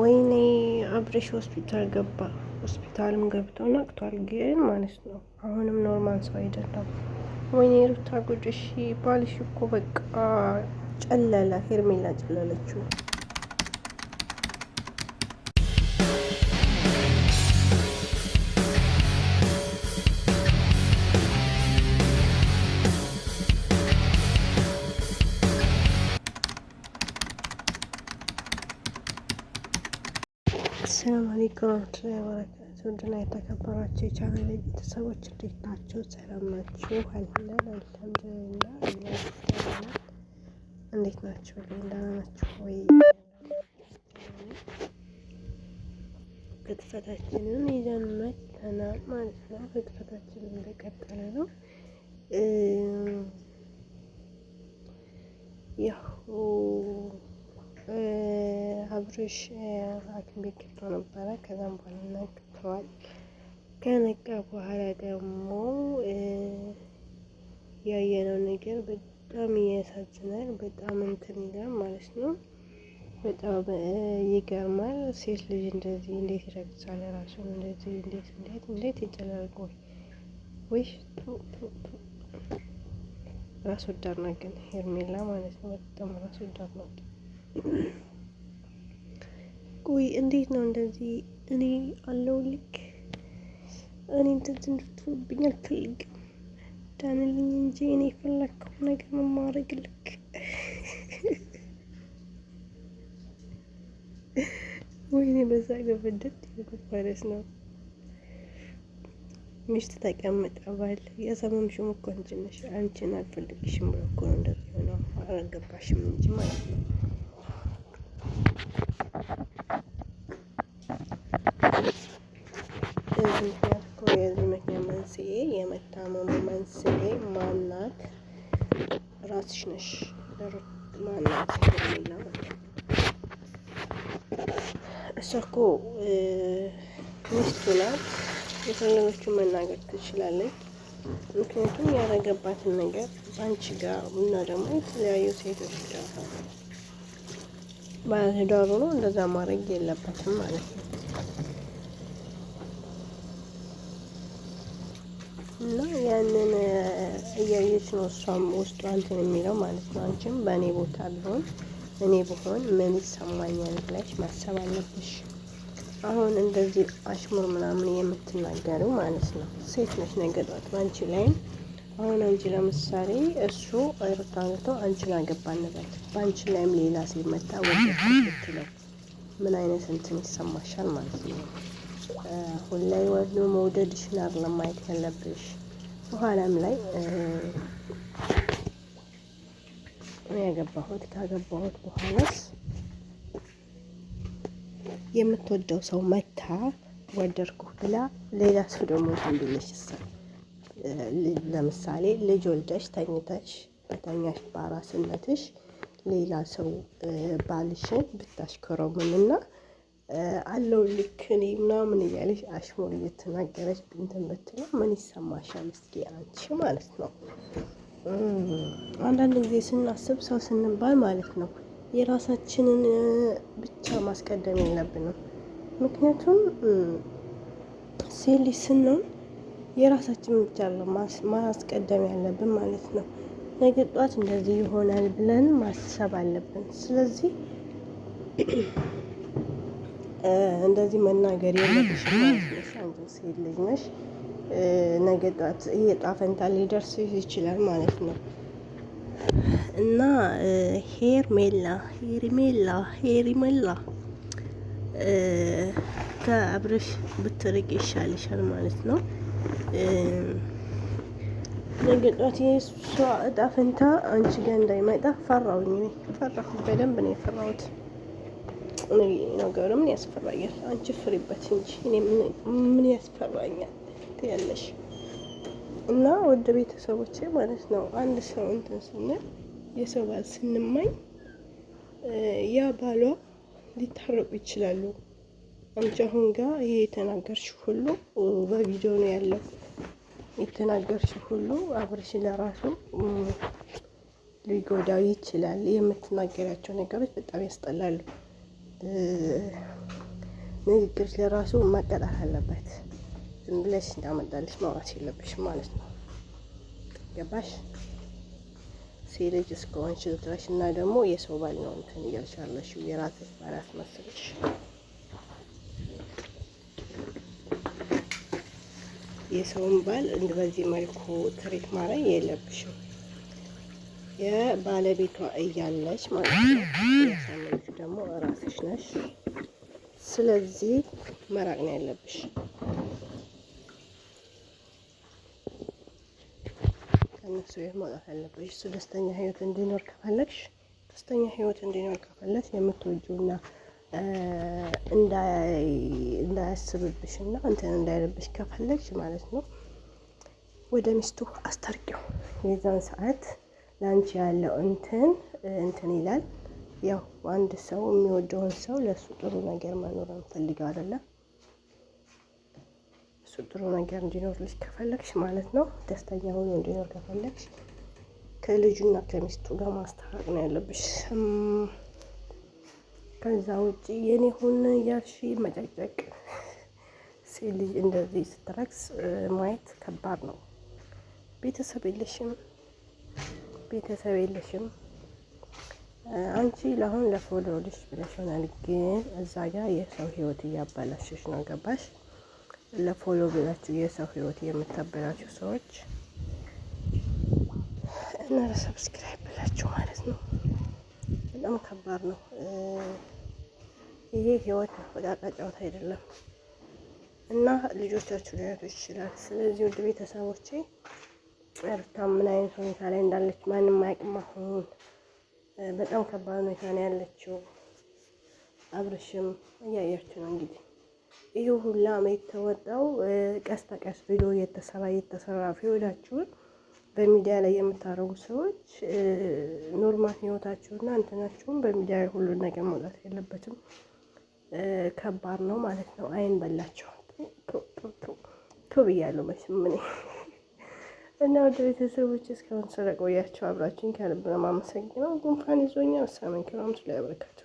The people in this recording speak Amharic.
ወይኔ አብርሽ ሆስፒታል ገባ። ሆስፒታልም ገብቶ ነቅቷል፣ ግን ማለት ነው አሁንም ኖርማል ሰው አይደለም። ወይኔ ሩታ ጉድ! እሺ ባልሽ እኮ በቃ ጨለለ፣ ሄርሜላ ጨለለችው። አሰላሙ አለይኩም ወራህመቱላሂ ወበረካቱህ። ውድና የተከበራችሁ የቻናል ቤተሰቦች እንዴት ናችሁ? ሰላም ናችሁ? አለን አልሐምዱሊላህ። እንዴት ናችሁ? ደህና ናችሁ ወይ? ቅጥፈታችንን ይዘን መጥተናል ማለት ነው። ቅጥፈታችን እንደቀጠለ ነው። ያው አብርሽ ሐኪም ቤት ገብቶ ነበረ። ከዛም በኋላ ነቅተዋል። ከነቃ በኋላ ደግሞ ያየነው ነገር በጣም ያሳዝናል። በጣም እንትን ይላል ማለት ነው። በጣም ይገርማል። ሴት ልጅ እንደዚህ እንዴት ይረግዛል? ራሱን እንደዚህ እንዴት እንዴት እንዴት ይችላል? ቆይ ወይ ራስ ወዳድ ናት ግን ሄርሜላ ማለት ነው። በጣም ራስ ወዳድ ነው። ቆይ እንዴት ነው እንደዚህ? እኔ አለው ልክ እኔ እንትን እንድትሆንብኝ አልፈልግም። ዳንልኝ እንጂ እኔ የፈለግከው ነገር መማረግ ልክ ወይኔ በዛ ገበደት የመባረስ ነው። ሚስት ተቀምጣ ባል ያሰመምሽም እኮ አንቺ ነሽ። አንቺን አልፈልግሽም ብሎ እኮ ነው እንደዚህ ሆነ። አላገባሽም እንጂ ማለት ነው። የመታመሙ መንስኤ ማናት? ራስሽ ነሽ። ማናት የሚለው እሷ እኮ ሚስቱ ናት። የፈለገችውን መናገር ትችላለች። ምክንያቱም ያረገባትን ነገር በአንቺ ጋር እና ደግሞ የተለያዩ ሴቶች ጋር ባለትዳሩ ነው። እንደዛ ማድረግ የለበትም ማለት ነው። እና ያንን እያየች ነው እሷም ውስጡ እንትን የሚለው ማለት ነው። አንቺም በእኔ ቦታ ቢሆን እኔ ብሆን ምን ይሰማኛል ብለሽ ማሰብ አለብሽ። አሁን እንደዚህ አሽሙር ምናምን የምትናገሩ ማለት ነው ሴት ነች ነገዷት በአንቺ ላይም አሁን አንቺ ለምሳሌ እሱ ሩታ አንቺን አገባ እንበል፣ በአንቺ ላይም ሌላ መታ ወደ ብትለው ምን አይነት እንትን ይሰማሻል ማለት ነው? አሁን ላይ ማለት መውደድሽን አይደለም ማየት ያለብሽ በኋላም ላይ ያገባሁት ካገባሁት በኋላስ የምትወደው ሰው መታ ወደድኩ ብላ ሌላ ሰው ደግሞ ንብልሽ ለምሳሌ ልጅ ወልደሽ ተኝተሽ በተኛሽ በአራስነትሽ ሌላ ሰው ባልሽን አለው ልክ እኔ ምናምን እያለች አሽሙር እየተናገረች ብንትን ብትለው ምን ይሰማሻል? እስኪ አንቺ ማለት ነው። አንዳንድ ጊዜ ስናስብ ሰው ስንባል ማለት ነው የራሳችንን ብቻ ማስቀደም የለብንም። ምክንያቱም ሴሊ ልጅ ስንሆን የራሳችን ብቻ ማስቀደም ያለብን ማለት ነው። ነገ ጧት እንደዚህ ይሆናል ብለን ማሰብ አለብን። ስለዚህ እንደዚህ መናገር የለብሽም ማለት ነሽ። አንቺ ሴት ልጅ ነሽ። ነገ ጧት የዕጣ ፈንታ ሊደርስ ይችላል ማለት ነው። እና ሄርሜላ ሄርሜላ ሄርሜላ ከአብረሽ ብትርቅ ይሻልሻል ማለት ነው። ነገ ጧት የእሷ እጣ ፈንታ አንቺ ጋር እንዳይመጣ ፈራሁኝ። ፈራሁ፣ በደንብ ነው የፈራሁት። ነገርም ያስፈራኛል። አንቺ ፍሪበት እንጂ እኔ ምን ያስፈራኛል ያለሽ እና ወደ ቤተሰቦቼ ማለት ነው። አንድ ሰው እንትን ስንል የሰው ባል ስንማኝ ያ ባሏ ሊታረቁ ይችላሉ። አንቺ አሁን ጋር ይሄ የተናገርሽ ሁሉ በቪዲዮ ነው ያለው። የተናገርሽ ሁሉ አብርሽ ለራሱ ሊጎዳው ይችላል። የምትናገራቸው ነገሮች በጣም ያስጠላሉ። ንግግርሽ ለራሱ መቀጣት አለበት። ዝም ብለሽ እንዳመጣልሽ ማውራት የለብሽ ማለት ነው። ገባሽ? ሴት ልጅ እስከሆንሽ ድረስ እና ደግሞ የሰው ባል ነው እንትን እያልሻለሽ የራስሽ ባል አስመስልሽ የሰውን ባል በዚህ መልኩ ትሪት ማድረግ የለብሽም። የባለቤቷ እያለች ማለት ነው። ያሳመንሽ ደግሞ እራስሽ ነሽ። ስለዚህ መራቅ ነው ያለብሽ። ከነሱ ቤት መውጣት ያለብሽ። እሱ ደስተኛ ህይወት እንዲኖር ከፈለግሽ ደስተኛ ህይወት እንዲኖር ከፈለግሽ የምትወጂውና እንዳያስብብሽ እና እንትን እንዳይልብሽ ከፈለግሽ ማለት ነው ወደ ሚስቱ አስታርቂው የዛን ሰዓት ላንች ያለው እንትን እንትን ይላል። ያው አንድ ሰው የሚወደውን ሰው ለእሱ ጥሩ ነገር መኖር እንፈልገው አይደለም። እሱ ጥሩ ነገር እንዲኖርልሽ ከፈለግሽ ማለት ነው፣ ደስተኛ ሆኖ እንዲኖር ከፈለግሽ ከልጁና ከሚስቱ ጋር ማስታረቅ ነው ያለብሽ። ከዛ ውጭ የኔ ሁን ያልሽ መጨቅጨቅ ሴት ልጅ እንደዚህ ስትረክስ ማየት ከባድ ነው። ቤተሰብ የለሽም። ቤተሰብ የለሽም አንቺ ለአሁን ለፎሎልሽ ብለሽ ሆናል፣ ግን እዛ ጋ የሰው ህይወት እያበላሸሽ ነው። ገባሽ? ለፎሎ ብላችሁ የሰው ህይወት የምታበላችሁ ሰዎች እና ለሰብስክራይብ ብላችሁ ማለት ነው። በጣም ከባድ ነው ይሄ ህይወት። መፈቃቃ ጨዋታ አይደለም እና ልጆቻችሁ ሊያዩት ይችላል። ስለዚህ ውድ ቤተሰቦቼ ሩታ ምን አይነት ሁኔታ ላይ እንዳለች ማንም አያውቅም። አሁን በጣም ከባድ ሁኔታ ነው ያለችው። አብርሽም እያያችሁ ነው እንግዲህ ይህ ሁላ የተወጣው ቀስ በቀስ ቪዲዮ እየተሰራ እየተሰራ ፊወዳችሁን በሚዲያ ላይ የምታደርጉ ሰዎች ኖርማል ህይወታችሁና እንትናችሁን በሚዲያ ላይ ሁሉን ነገር መውጣት የለበትም። ከባድ ነው ማለት ነው። አይን በላቸው ቱ ብያለሁ መቼም እኔ እና ወደ ቤተሰቦች እስካሁን ስለቆያቸው አብራችን ከልብ ነው የማመሰግነው። ጉንፋን ይዞኛል። ሳምንት ክረምት ላይ አበረካቸው